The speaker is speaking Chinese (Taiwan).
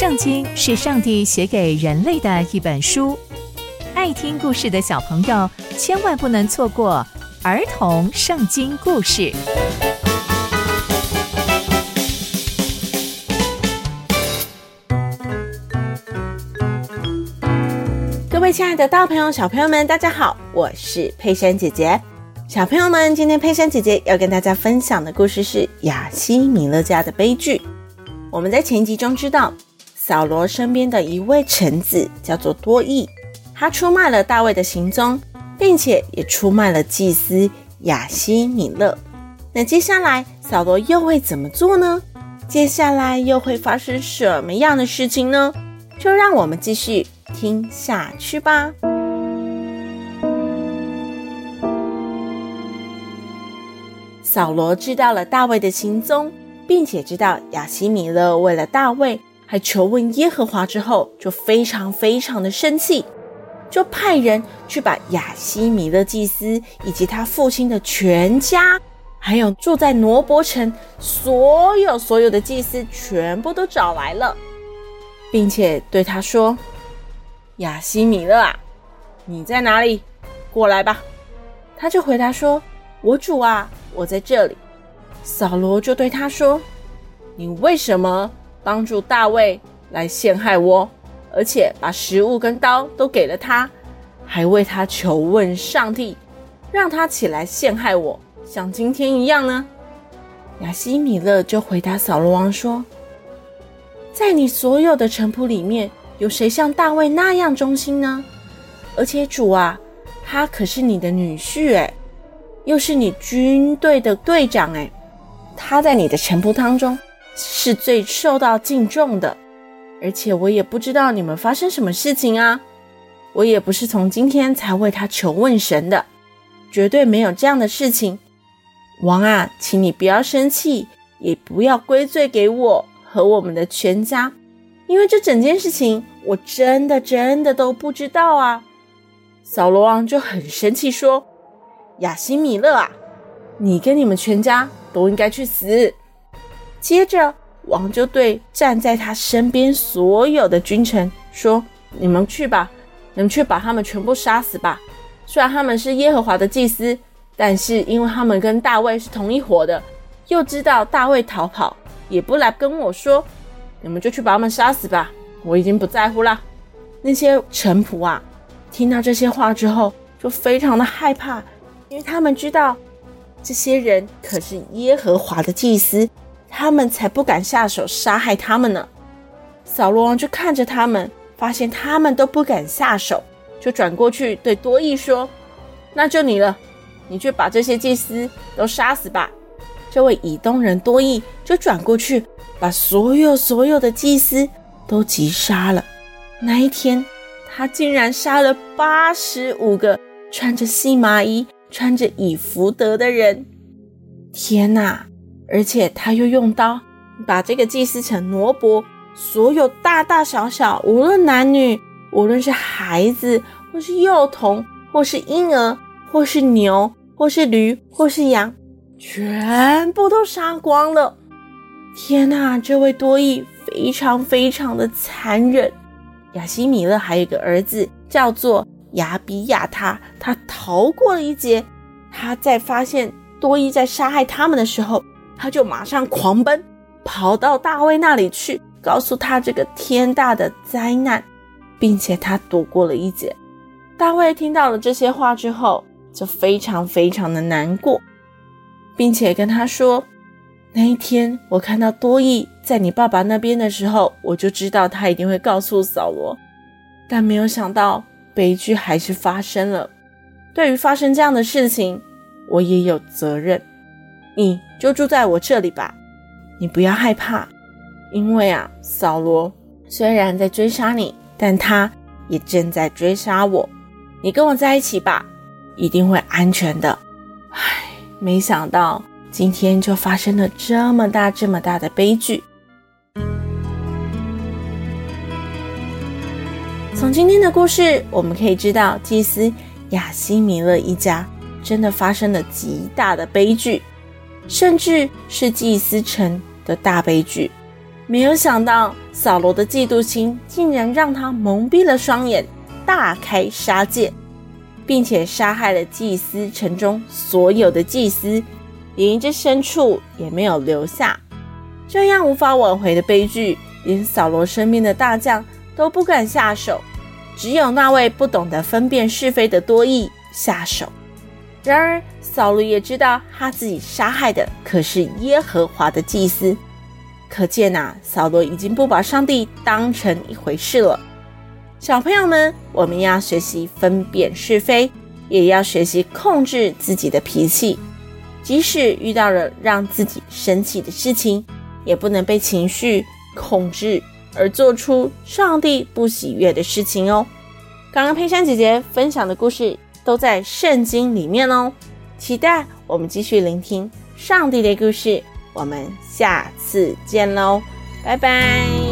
聖經是上帝寫給人類的一本書，愛聽故事的小朋友千萬不能錯過兒童聖經故事。各位親愛的大朋友、小朋友們，大家好，我是佩珊姐姐。小朋友們，今天佩珊姐姐要跟大家分享的故事是亞希米勒家的悲劇。我們在前一集中知道，掃羅身邊的一位臣子叫做多益，他出賣了大衛的行蹤，並且也出賣了祭司亞希米勒。那接下來掃羅又會怎麼做呢？接下來又會發生什麼樣的事情呢？就讓我們繼續聽下去吧。掃羅知道了大衛的行蹤，並且知道亞希米勒為了大衛。還求問耶和華之後，就非常非常的生氣，就派人去把亞希米勒祭司以及他父親的全家，還有住在挪伯城所有所有的祭司全部都找來了，並且對他說：“亞希米勒啊，你在哪裡？過來吧。”他就回答說：“我主啊，我在這裡。”掃羅就對他說：“你為什麼？”幫助大衛來陷害我，而且把食物跟刀都給了他，還為他求問上帝，讓他起來陷害我，像今天一樣呢。亞希米勒就回答掃羅王說：“在你所有的臣僕裡面有誰像大衛那樣忠心呢？而且主啊，他可是你的女婿誒，又是你軍隊的隊長誒，他在你的臣僕當中。”是最受到敬重的，而且我也不知道你們發生什麼事情啊！我也不是從今天才為他求問神的，絕對沒有這樣的事情。王啊，請你不要生氣，也不要歸罪給我和我們的全家，因為這整件事情我真的真的都不知道啊！掃羅王就很生氣說：“亞希米勒啊，你跟你們全家都應該去死。”接着，王就對站在他身邊所有的君臣說：“你們去吧，你們去把他們全部殺死吧。雖然他們是耶和華的祭司，但是因為他們跟大衛是同一夥的，又知道大衛逃跑，也不來跟我說，你們就去把他們殺死吧。我已經不在乎啦。那些臣僕啊，聽到這些話之後，就非常的害怕，因為他們知道這些人可是耶和華的祭司。他們才不敢下手殺害他們呢。掃羅王就看着他們，發現他們都不敢下手，就轉過去對多益說：“那就你了，你就把這些祭司都殺死吧。”這位以東人多益就轉過去，把所有所有的祭司都擊殺了。那一天，他竟然殺了八十五個穿着細麻衣、穿着以弗得的人。天哪！而且他又用刀把這個祭司城挪伯所有大大小小，無論男女，無論是孩子，或是幼童，或是嬰兒，或是牛，或是驢，或是羊，全部都殺光了。天哪，這位多益非常非常的殘忍。亞希米勒還有一個兒子叫做亞比亞他，他逃過了一劫。他在發現多益在殺害他們的時候。他就馬上狂奔，跑到大衛那裡去，告訴他這個天大的災難，並且他躲過了一劫。大衛聽到了這些話之後，就非常非常的難過，並且跟他說：“那一天我看到多益在你爸爸那邊的時候，我就知道他一定會告訴掃羅，但沒有想到悲劇還是發生了。對於發生這樣的事情，我也有責任。”你，就住在我這裡吧，你不要害怕，因為啊，掃羅雖然在追殺你，但他也正在追殺我。你跟我在一起吧，一定會安全的。唉，沒想到今天就發生了這麼大、這麼大的悲劇。從今天的故事，我們可以知道，祭司亞希米勒一家真的發生了極大的悲劇。甚至是祭司城的大悲劇，沒有想到掃羅的嫉妒心竟然讓他蒙蔽了雙眼，大開殺戒，並且殺害了祭司城中所有的祭司，連一隻牲畜也沒有留下。這樣無法挽迴的悲劇，連掃羅身邊的大將都不敢下手，只有那位不懂得分辨是非的多益下手。然而，掃羅也知道他自己殺害的可是耶和華的祭司，可見吶、啊，掃羅已經不把上帝當成一回事了。小朋友們，我們要學習分辨是非，也要學習控制自己的脾氣，即使遇到了讓自己生氣的事情，也不能被情緒控制而做出上帝不喜悅的事情哦。剛剛佩珊姐姐分享的故事，都在聖經裡面哦，期待我們繼續聆聽上帝的故事，我們下次見嘍，拜拜。